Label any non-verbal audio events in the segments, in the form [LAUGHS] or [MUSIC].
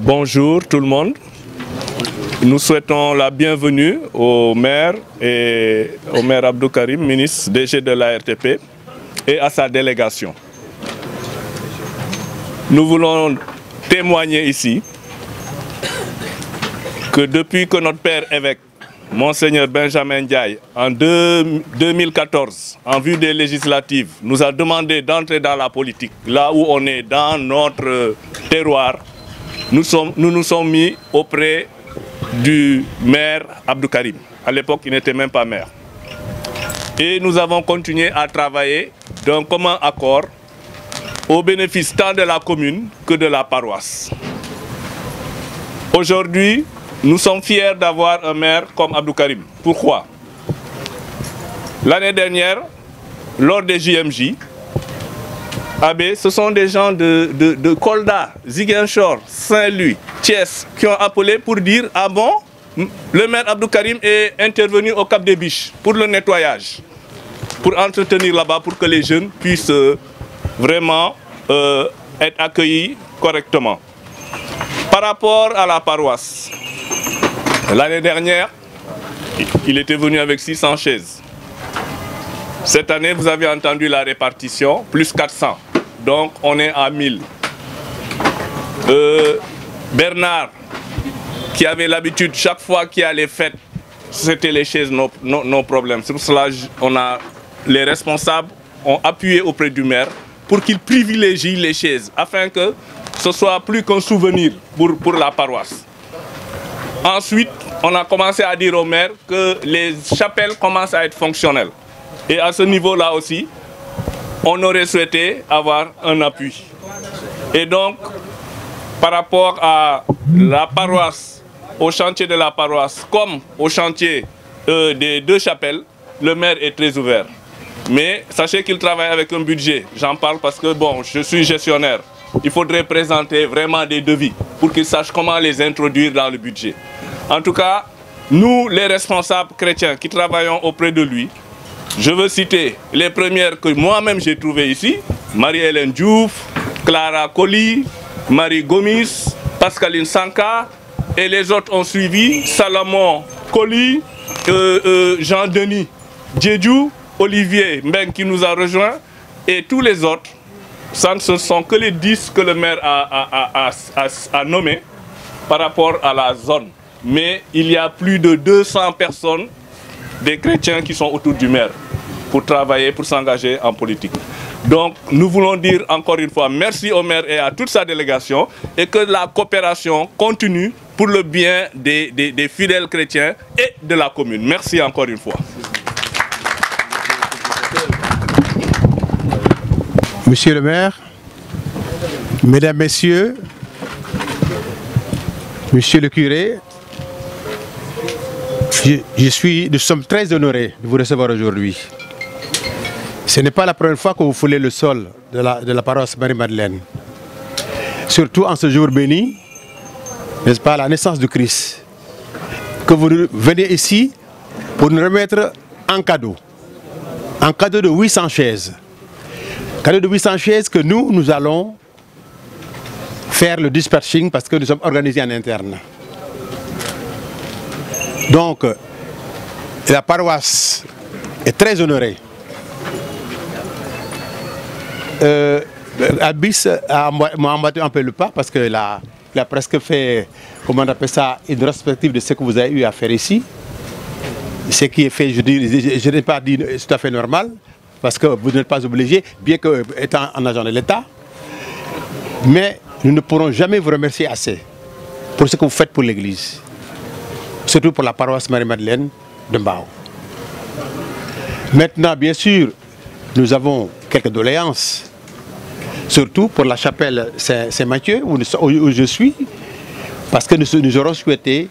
bonjour tout le monde. Nous souhaitons la bienvenue au maire et au maire Abdou Karim, ministre DG de la RTP, et à sa délégation. Nous voulons témoigner ici que depuis que notre père évêque, Monseigneur Benjamin Ndiaye, en 2014, en vue des législatives, nous a demandé d'entrer dans la politique, là où on est dans notre terroir, nous, nous nous sommes mis auprès du maire Abdou Karim. À l'époque, il n'était même pas maire. Et nous avons continué à travailler d'un commun accord au bénéfice tant de la commune que de la paroisse. Aujourd'hui, nous sommes fiers d'avoir un maire comme Abdou Karim. Pourquoi L'année dernière, lors des JMJ, Abbé, ce sont des gens de, Colda, Kolda, Ziguinchor, Saint-Louis, Thiès qui ont appelé pour dire Ah bon, le maire Abdou Karim est intervenu au Cap des Biches pour le nettoyage, pour entretenir là-bas, pour que les jeunes puissent euh, vraiment euh, être accueillis correctement. Par rapport à la paroisse, l'année dernière, il était venu avec 600 chaises. Cette année, vous avez entendu la répartition, plus 400. Donc on est à 1000. Euh, Bernard, qui avait l'habitude, chaque fois qu'il y a les fêtes, c'était les chaises, nos, problèmes. C'est cela on a, les responsables ont appuyé auprès du maire pour qu'il privilégie les chaises, afin que ce soit plus qu'un souvenir pour, pour la paroisse. Ensuite, on a commencé à dire au maire que les chapelles commencent à être fonctionnelles. Et à ce niveau-là aussi, on aurait souhaité avoir un appui. Et donc, par rapport à la paroisse, au chantier de la paroisse, comme au chantier euh, des deux chapelles, le maire est très ouvert. Mais sachez qu'il travaille avec un budget. J'en parle parce que, bon, je suis gestionnaire. Il faudrait présenter vraiment des devis pour qu'il sache comment les introduire dans le budget. En tout cas, nous, les responsables chrétiens qui travaillons auprès de lui, je veux citer les premières que moi-même j'ai trouvées ici. Marie-Hélène Diouf, Clara Colli, Marie Gomis, Pascaline Sanka, et les autres ont suivi, Salomon Colli, euh, euh, Jean-Denis Djedjou, Olivier Meng qui nous a rejoint et tous les autres. Ça ne sont que les 10 que le maire a, a nommés par rapport à la zone. Mais il y a plus de 200 personnes des chrétiens qui sont autour du maire pour travailler, pour s'engager en politique. Donc nous voulons dire encore une fois merci au maire et à toute sa délégation et que la coopération continue pour le bien des, fidèles chrétiens et de la commune. Merci encore une fois. Monsieur le maire, mesdames, messieurs, monsieur le curé, je, suis, nous sommes très honorés de vous recevoir aujourd'hui. Ce n'est pas la première fois que vous foulez le sol de la, paroisse Marie-Madeleine. Surtout en ce jour béni, n'est-ce pas, la naissance du Christ. Que vous venez ici pour nous remettre en cadeau. Un cadeau de 800 chaises. Cadeau de 800 chaises que nous, nous allons faire le dispersing parce que nous sommes organisés en interne. Donc, la paroisse est très honorée. Euh, Abyss a embattu un peu le pas parce qu'il a, il presque fait, comment on appelle ça, une perspective de ce que vous avez eu à faire ici. Ce qui est fait, je, dis, je, n'ai pas dit tout à fait normal, parce que vous n'êtes pas obligé, bien que étant un agent de l'État. Mais nous ne pourrons jamais vous remercier assez pour ce que vous faites pour l'Église surtout pour la paroisse Marie-Madeleine de Mbao. Maintenant, bien sûr, nous avons quelques doléances, surtout pour la chapelle Saint-Mathieu, où, je suis, parce que nous, aurons souhaité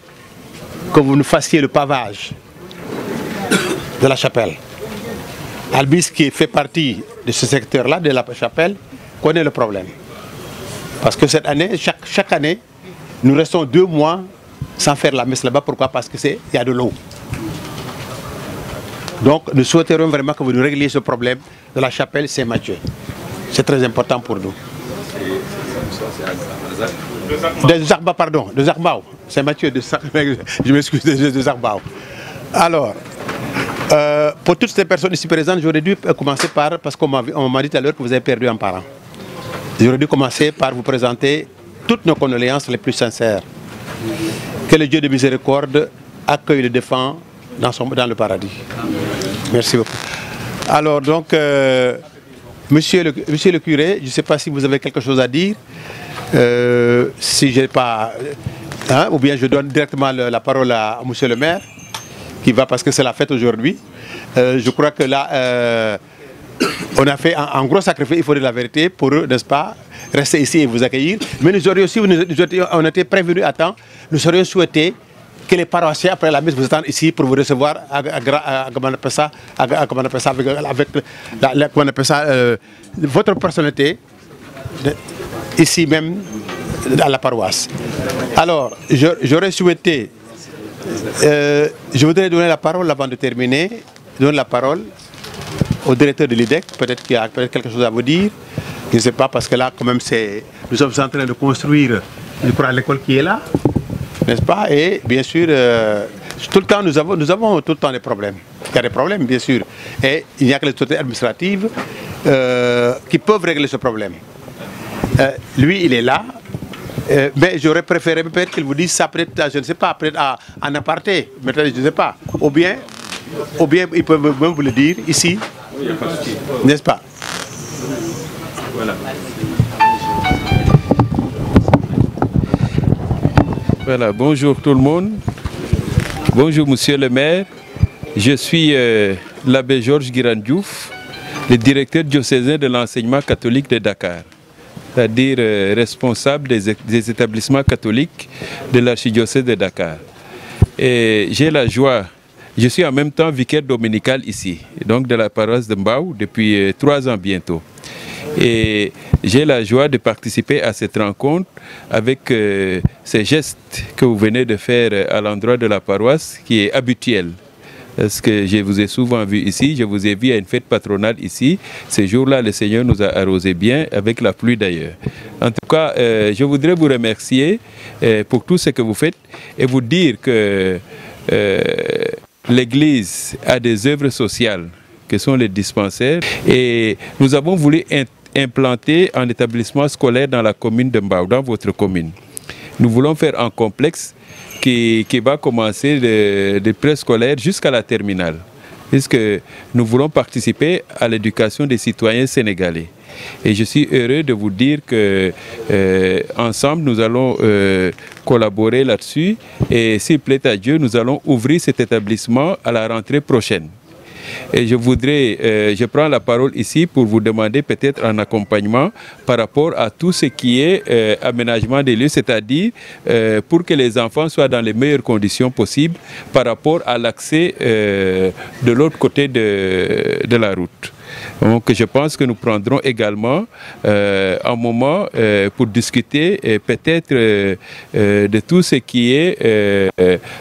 que vous nous fassiez le pavage de la chapelle. Albis, qui fait partie de ce secteur-là, de la chapelle, connaît le problème. Parce que cette année, chaque année, nous restons deux mois sans faire la messe là-bas. Pourquoi Parce qu'il y a de l'eau. Donc nous souhaiterions vraiment que vous nous régliez ce problème de la chapelle Saint-Mathieu. C'est très important pour nous. De pardon, de Saint-Mathieu, [LAUGHS] je m'excuse, de Alors, euh, pour toutes ces personnes ici présentes, j'aurais dû commencer par, parce qu'on m'a dit tout à l'heure que vous avez perdu un parent. J'aurais dû commencer par vous présenter toutes nos condoléances les plus sincères. Que le Dieu de miséricorde accueille les défend dans, le paradis. Merci beaucoup. Alors donc, euh, monsieur, le, curé, je ne sais pas si vous avez quelque chose à dire. Euh, si j'ai pas... Hein, ou bien je donne directement la parole à, monsieur le maire, qui va parce que c'est la fête aujourd'hui. Euh, je crois que là... Euh, on a fait un, gros sacrifice, il faut dire la vérité, pour eux, n'est-ce pas, rester ici et vous accueillir. Mais nous aurions, aussi, on était prévenus à temps, nous aurions souhaité que les paroissiens, après la messe, vous attendent ici pour vous recevoir avec, euh, votre personnalité, ici même, dans la paroisse. Alors, j'aurais souhaité, euh, je voudrais donner la parole avant de terminer, donner la parole au directeur de l'IDEC, peut-être qu'il a quelque chose à vous dire. Je ne sais pas, parce que là, quand même, c'est, nous sommes en train de construire, je crois, l'école qui est là, n'est-ce pas Et bien sûr, euh, tout le temps, nous avons, nous avons tout le temps des problèmes. Il y a des problèmes, bien sûr. Et il n'y a que les autorités administratives euh, qui peuvent régler ce problème. Euh, lui, il est là. mais j'aurais préféré peut-être qu'il vous dise ça, peut-être, je ne sais pas, peut-être en aparté, mais je ne sais pas. Ou bien, ou bien il peut même vous le dire ici, n'est-ce pas Voilà. Voilà, bonjour tout le monde. Bonjour monsieur le maire. Je suis euh, l'abbé Georges Girandiouf, le directeur diocésain de l'enseignement catholique de Dakar, c'est-à-dire euh, responsable des, des établissements catholiques de l'archidiocèse de Dakar. Et j'ai la joie je suis en même temps vicaire dominical ici, donc de la paroisse de Mbao depuis euh, trois ans bientôt. Et j'ai la joie de participer à cette rencontre avec euh, ces gestes que vous venez de faire euh, à l'endroit de la paroisse qui est habituel. Parce que je vous ai souvent vu ici, je vous ai vu à une fête patronale ici. Ces jours-là, le Seigneur nous a arrosé bien, avec la pluie d'ailleurs. En tout cas, je voudrais vous remercier pour tout ce que vous faites et vous dire que l'Église a des œuvres sociales, que sont les dispensaires, et nous avons voulu implanter un établissement scolaire dans la commune de Mbao, dans votre commune. Nous voulons faire un complexe qui, va commencer de, de préscolaire jusqu'à la terminale, puisque nous voulons participer à l'éducation des citoyens sénégalais. Et je suis heureux de vous dire que euh, ensemble, nous allons euh, collaborer là-dessus. Et s'il plaît à Dieu, nous allons ouvrir cet établissement à la rentrée prochaine. Et je voudrais, euh, je prends la parole ici pour vous demander peut-être un accompagnement par rapport à tout ce qui est aménagement des lieux, c'est-à-dire pour que les enfants soient dans les meilleures conditions possibles par rapport à l'accès de l'autre côté de la route. Donc je pense que nous prendrons également euh, un moment euh, pour discuter peut-être euh, de tout ce qui est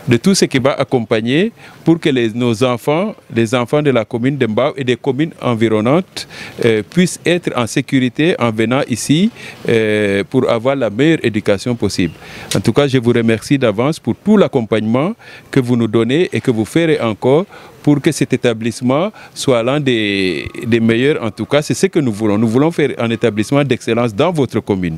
de tout ce qui va accompagner pour que nos enfants, les enfants de la commune de et des communes environnantes euh, puissent être en sécurité en venant ici euh, pour avoir la meilleure éducation possible. En tout cas, je vous remercie d'avance pour tout l'accompagnement que vous nous donnez et que vous ferez encore pour que cet établissement soit l'un des, meilleurs. En tout cas, c'est ce que nous voulons. Nous voulons faire un établissement d'excellence dans votre commune.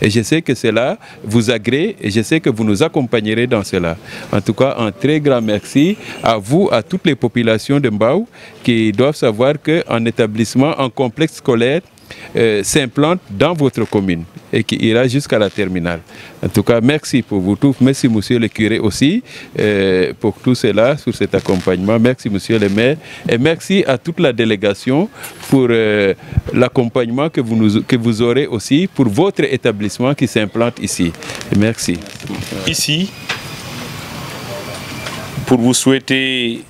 Et je sais que cela vous agrée et je sais que vous nous accompagnerez dans cela. En tout cas, un très grand merci à vous, à toutes les populations de Mbao qui doivent savoir qu'un établissement un complexe scolaire euh, s'implante dans votre commune et qui ira jusqu'à la terminale. En tout cas, merci pour vous tous. Merci, monsieur le curé aussi, euh, pour tout cela, sur cet accompagnement. Merci, monsieur le maire. Et merci à toute la délégation pour euh, l'accompagnement que, vous que vous aurez aussi pour votre établissement qui s'implante ici. Merci. Ici, pour vous souhaiter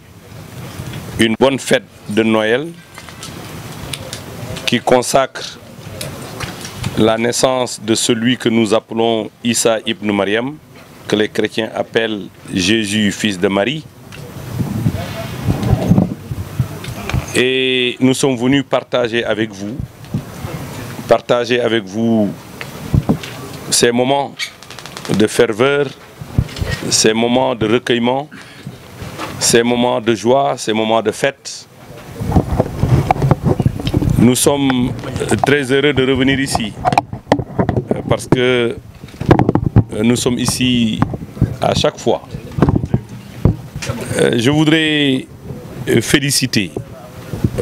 une bonne fête de Noël qui consacre la naissance de celui que nous appelons Issa ibn Mariam, que les chrétiens appellent Jésus, fils de Marie. Et nous sommes venus partager avec vous, partager avec vous ces moments de ferveur, ces moments de recueillement, ces moments de joie, ces moments de fête. Nous sommes très heureux de revenir ici parce que nous sommes ici à chaque fois. Euh, je voudrais féliciter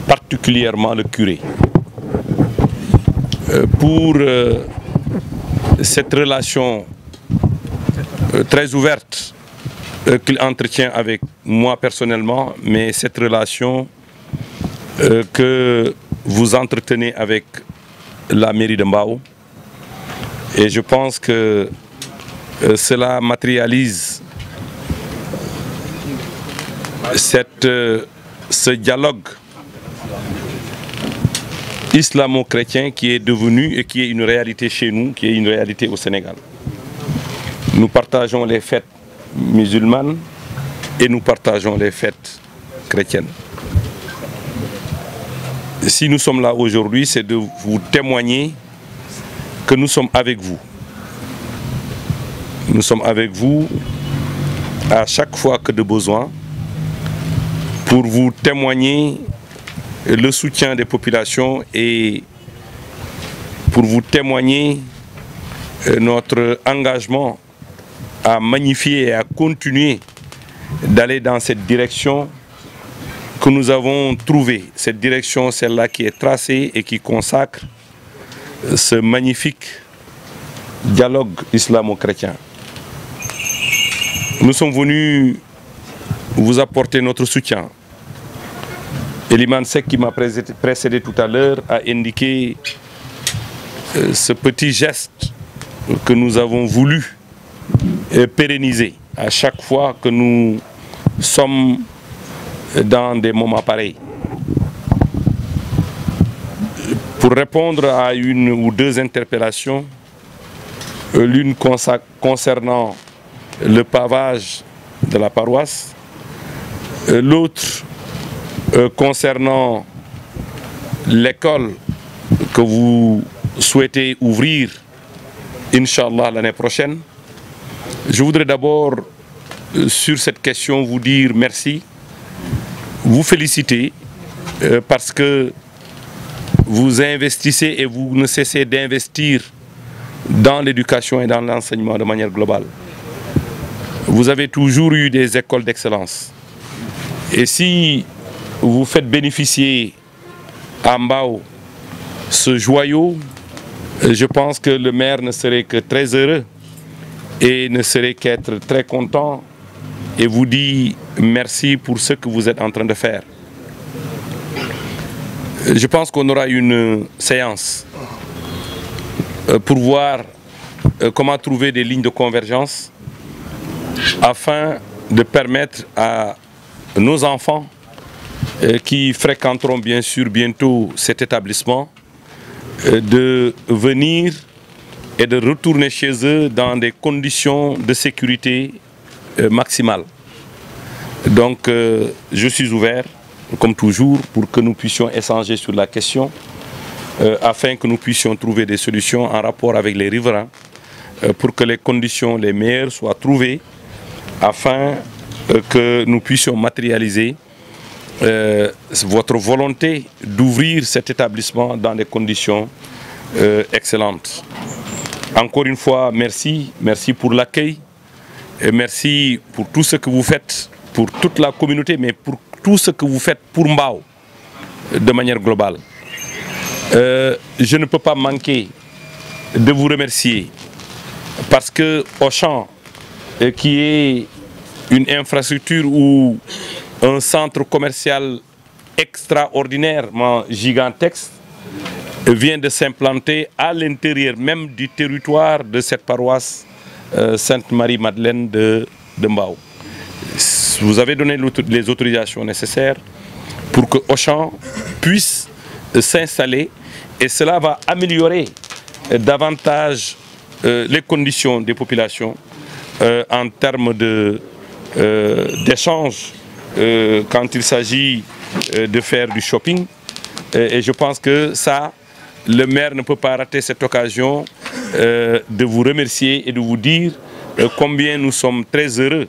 particulièrement le curé euh, pour euh, cette relation très ouverte euh, qu'il entretient avec moi personnellement, mais cette relation euh, que vous entretenez avec la mairie de Mbao. Et je pense que euh, cela matérialise cette, ce dialogue islamo-chrétien qui est devenu et qui est une réalité chez nous, qui est une réalité au Sénégal. Nous partageons les fêtes musulmane et nous partageons les fêtes chrétiennes. Si nous sommes là aujourd'hui, c'est de vous témoigner que nous sommes avec vous. Nous sommes avec vous à chaque fois que de besoin pour vous témoigner le soutien des populations et pour vous témoigner euh, notre engagement à magnifier et à continuer d'aller dans cette direction que nous avons trouvée. Cette direction, celle-là qui est tracée et qui consacre ce magnifique dialogue islamo-chrétien. Nous sommes venus vous apporter notre soutien. Et l'imam Sek qui m'a précédé tout à l'heure a indiqué euh, ce petit geste que nous avons voulu euh, pérenniser à chaque fois que nous sommes dans des moments pareils. Pour répondre à une ou deux interpellations, euh, l'une concernant le pavage de la paroisse, euh, l'autre concernant l'école que vous souhaitez ouvrir, Inch'Allah, l'année prochaine, je voudrais d'abord, euh, sur cette question, vous dire merci, vous féliciter, euh, parce que vous investissez et vous ne cessez d'investir dans l'éducation et dans l'enseignement de manière globale. Vous avez toujours eu des écoles d'excellence. Et si vous faites bénéficier à Mbao ce joyau, euh, je pense que le maire ne serait que très heureux et ne serait qu'être très content et vous dire merci pour ce que vous êtes en train de faire. Je pense qu'on aura une séance euh, pour voir euh, comment trouver des lignes de convergence afin de permettre à nos enfants euh, qui fréquenteront bien sûr bientôt cet établissement de venir et de retourner chez eux dans des conditions de sécurité maximale. Euh, maximales. Donc euh, je suis ouvert, comme toujours, pour que nous puissions échanger sur la question, euh, afin que nous puissions trouver des solutions en rapport avec les riverains, pour que les conditions les meilleures soient trouvées, afin que nous puissions matérialiser votre volonté d'ouvrir cet établissement dans des conditions excellentes. Encore une fois, merci. Merci pour l'accueil. merci pour tout ce que vous faites, pour toute la communauté, mais pour tout ce que vous faites pour Mbao, de manière globale. Euh, je ne peux pas manquer de vous remercier parce que Auchan, euh, qui est une infrastructure ou un centre commercial extraordinairement gigantesque, vient de s'implanter à l'intérieur même du territoire de cette paroisse euh, Sainte-Marie-Madeleine de, de Mbao. Vous avez donné les autorisations nécessaires pour que Auchan puisse euh, s'installer et cela va améliorer euh, davantage les conditions des populations en termes d'échanges quand il s'agit de faire du shopping. Et, je pense que ça, le maire ne peut pas rater cette occasion euh, de vous remercier et de vous dire euh, combien nous sommes très heureux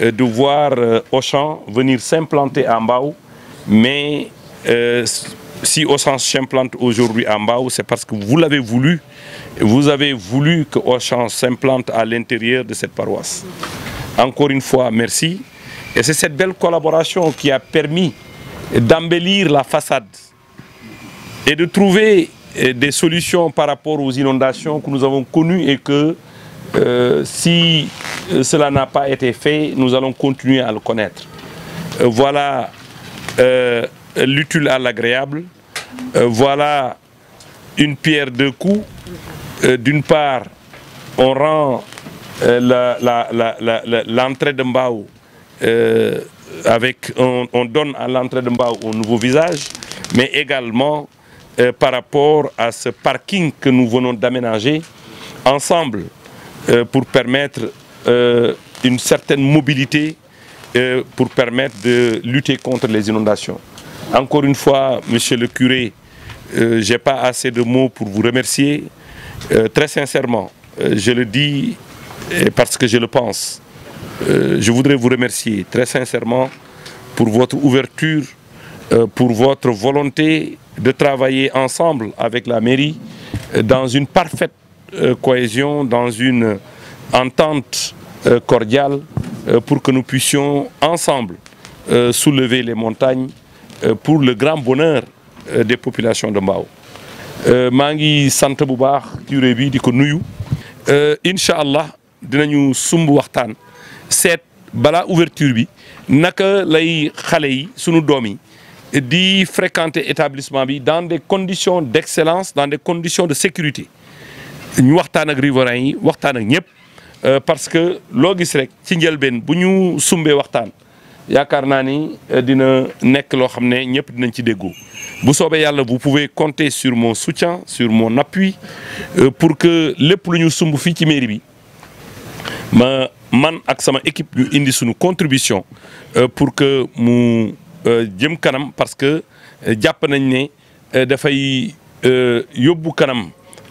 euh, de voir Auchan venir s'implanter à Mbao. Mais si Auchan s'implante aujourd'hui à Mbao, c'est parce que vous l'avez voulu. Vous avez voulu que Auchan s'implante à l'intérieur de cette paroisse. Encore une fois, merci. Et c'est cette belle collaboration qui a permis d'embellir la façade et de trouver des solutions par rapport aux inondations que nous avons connues et que euh, si euh, cela n'a pas été fait, nous allons continuer à le connaître. Euh, voilà l'utile à l'agréable. voilà une pierre de coups. D'une part, on rend l'entrée de Mbao avec, on, donne à l'entrée de Mbao un nouveau visage, mais également euh, par rapport à ce parking que nous venons d'aménager ensemble euh, pour permettre euh, une certaine mobilité pour permettre de lutter contre les inondations. Encore une fois, monsieur le curé, je n'ai pas assez de mots pour vous remercier. très sincèrement, je le dis parce que je le pense. je voudrais vous remercier très sincèrement pour votre ouverture euh, pour votre volonté de travailler ensemble avec la mairie euh, dans une parfaite euh, cohésion, dans une entente cordiale pour que nous puissions ensemble soulever les montagnes pour le grand bonheur des populations de Mbao. Mangi ngi bu ouverture bi naka lay sunu domi d'y fréquenter l'établissement dans des conditions d'excellence dans des conditions de sécurité Nous avons ak nous yi waxtaan ak euh, parce que loo gis rek ci njëlbeen bu ñu sumbee waxtaan yaakaar ni euh, dina nek lo xamné ne dinañ ci déggoo bu vous pouvez compter sur mon soutien sur mon appui euh, pour que nous lu ñu sumbu fi ci mairie bi man ak sama équipe ñu indi suñu contribution pour que mu euh, jëm kanam parce que euh, japp nañ euh, da fay yóbbu kanam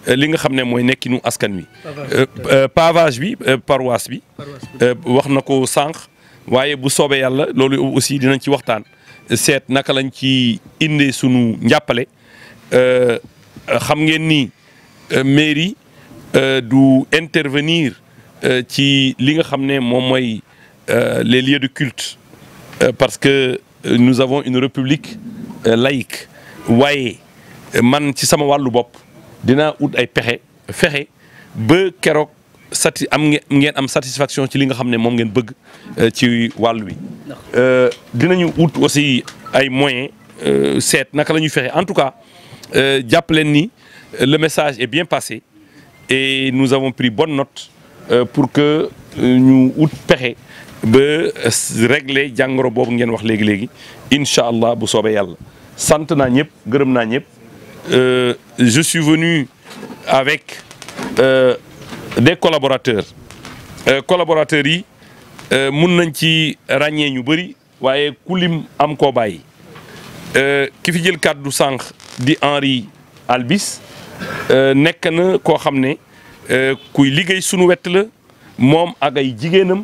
li nga xamné moy mooy nekkinu askan wi. pavage bi paroisse bi. wax na ko sànq bu sobe yalla lolou aussi dinañ ci waxtaan set naka lañ ci indé suñu sunu euh xam ngeen ni mairie du intervenir ci li nga xamné mom moy les lieux de culte parce que. Euh, nous avons une république euh, laïque Waye, euh, man ci sama walu bop dina out ay pexe fexé be kérok sati am ngeen am satisfaction ci li nga xamné mom moom ngeen bëgg ci wàll wi. dinañu out aussi ay moyens set naka lañu fexé en tout cas jàpp leen ni le message est bien passé et nous avons pris bonne note pour que ñu out pexe. ba régler jàngoro boobu ngeen wax léegi léegi incha allah bu soobee yàlla sant naa ñëpp gërëm naa ñëpp euh, je suis venu avec euh, des collaborateur euh, collaborateurs yi euh, mun nañ ci ràññee ñu bëri waaye ku lim am ko bàyyi ki fi jël kàddu sànq di Henri Albis nekk na koo xam ne kuy liggéey sunu wett la moom ak ay jigéenam.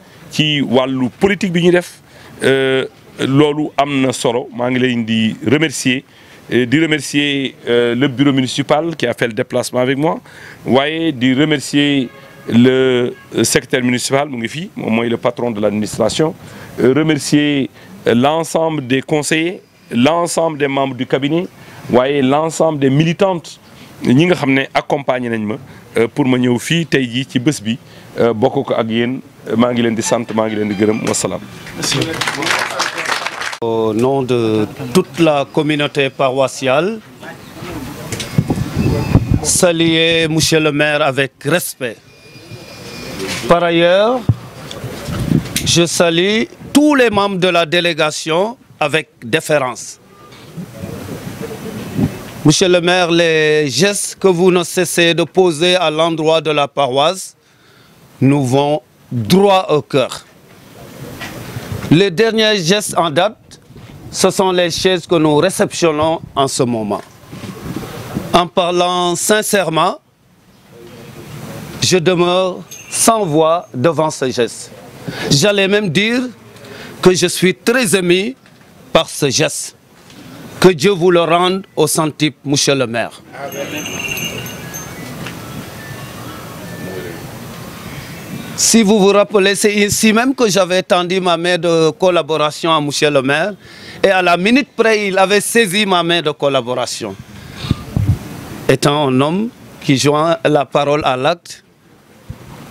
ci walu politique bi ñu def euh lolu remercier euh, remercier euh, le bureau municipal qui a fait le déplacement avec moi Voyez, di remercier le euh, secrétaire municipal mu ngi fi le patron de l'administration remercier l'ensemble des conseillers l'ensemble des membres du cabinet l'ensemble des militantes ñi nga nañ ma pour ma ñëw fi tay euh, ak Au nom de toute la communauté paroissiale, saluer Monsieur le maire avec respect. Par ailleurs, je salue tous les membres de la délégation avec déférence. Monsieur le maire, les gestes que vous ne cessez de poser à l'endroit de la paroisse nous vont droit au cœur. Les derniers gestes en date, ce sont les chaises que nous réceptionnons en ce moment. En parlant sincèrement, je demeure sans voix devant ce geste. J'allais même dire que je suis très ému par ce geste. Que Dieu vous le rende au type monsieur le maire. Si vous vous rappelez, c'est ici même que j'avais tendu ma main de collaboration à M. le maire. Et à la minute près, il avait saisi ma main de collaboration. Étant un homme qui joint la parole à l'acte,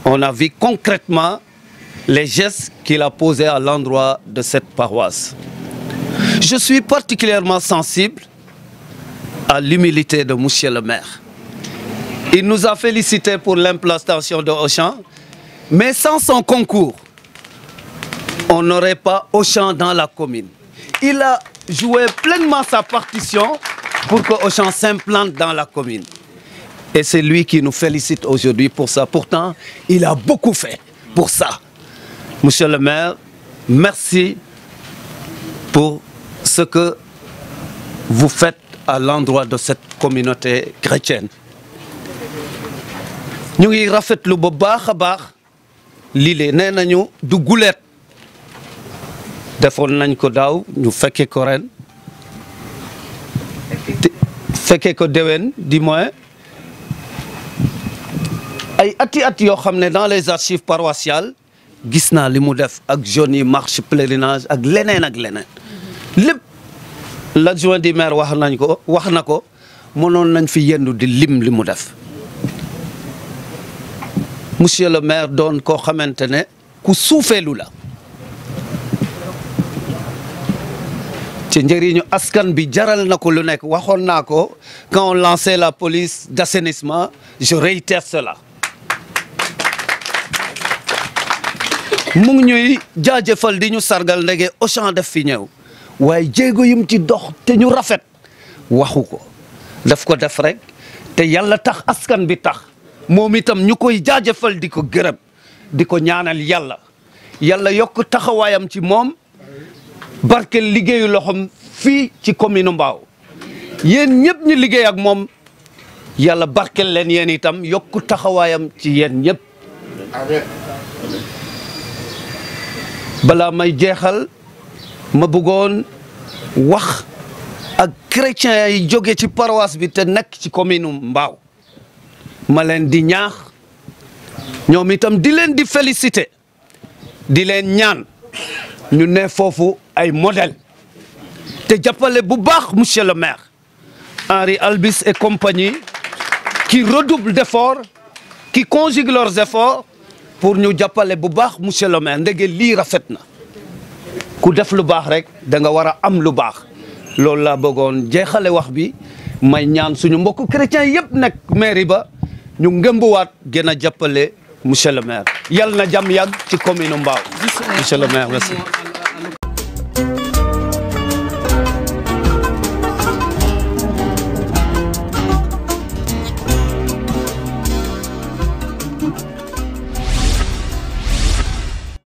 on a vu concrètement les gestes qu'il a posés à l'endroit de cette paroisse. Je suis particulièrement sensible à l'humilité de M. le maire. Il nous a félicités pour l'implantation de Auchan, mais sans son concours, on n'aurait pas Auchan dans la commune. Il a joué pleinement sa partition pour que Auchan s'implante dans la commune. Et c'est lui qui nous félicite aujourd'hui pour ça. Pourtant, il a beaucoup fait pour ça. Monsieur le maire, merci pour ce que vous faites à l'endroit de cette communauté chrétienne. Nous le lii lee nee nañu du guleet defoon nañ ko daaw ñu fekke ko ren fekke ko déwén di moins ay ati at yoo xam ne dans les archives paroissiales gis naa li mu def ak jeunes yi marche pèlerinage ak leneen ak leneen lépp l'adjoint du maire wax nañ ko wax na ko mënoon nañ fi yendu di lim li mu def monsieur le maire don ko xamantene ku soufelu la ci njëriñu askan bi jaral na ko lu nek waxon nako quand on lançait la police d'assainissement je réitère cela mu ngi ñuy jaajëfal di ñu sargal ndege champ def fi ñew waye jéego yum ci dox té ñu rafet waxuko daf ko def rek te yalla tax askan bi tax moom itam ñu koy jaajëfal di ko gërëm di ko ñaanal yàlla yàlla yokk taxawaayam ci moom barke liggéeyu loxoom fii ci commune Mbao yéen ñëpp ñu liggéey ak moom yàlla barkel leen yéen itam yokk taxawaayam ci yéen ñëpp balaa may jeexal ma bëggoon wax ak chrétien yi jóge ci paroisse bi te nekk ci commune mbaaw malen di ñaax ñoom itam di nous di féliciter di len ñaan ñu ay modèle monsieur le maire Henri Albis et compagnie qui redoublent d'efforts qui conjuguent leurs efforts pour nous jàppale bu baax monsieur le maire ndégué li rafetna ku def lu baax rek da am lu baax bi may ñaan suñu chrétien ñu ngëmbuwaat gën a jàppale monsieur le yal na jàmm yàgg ci commune Mbao monsieur le maire merci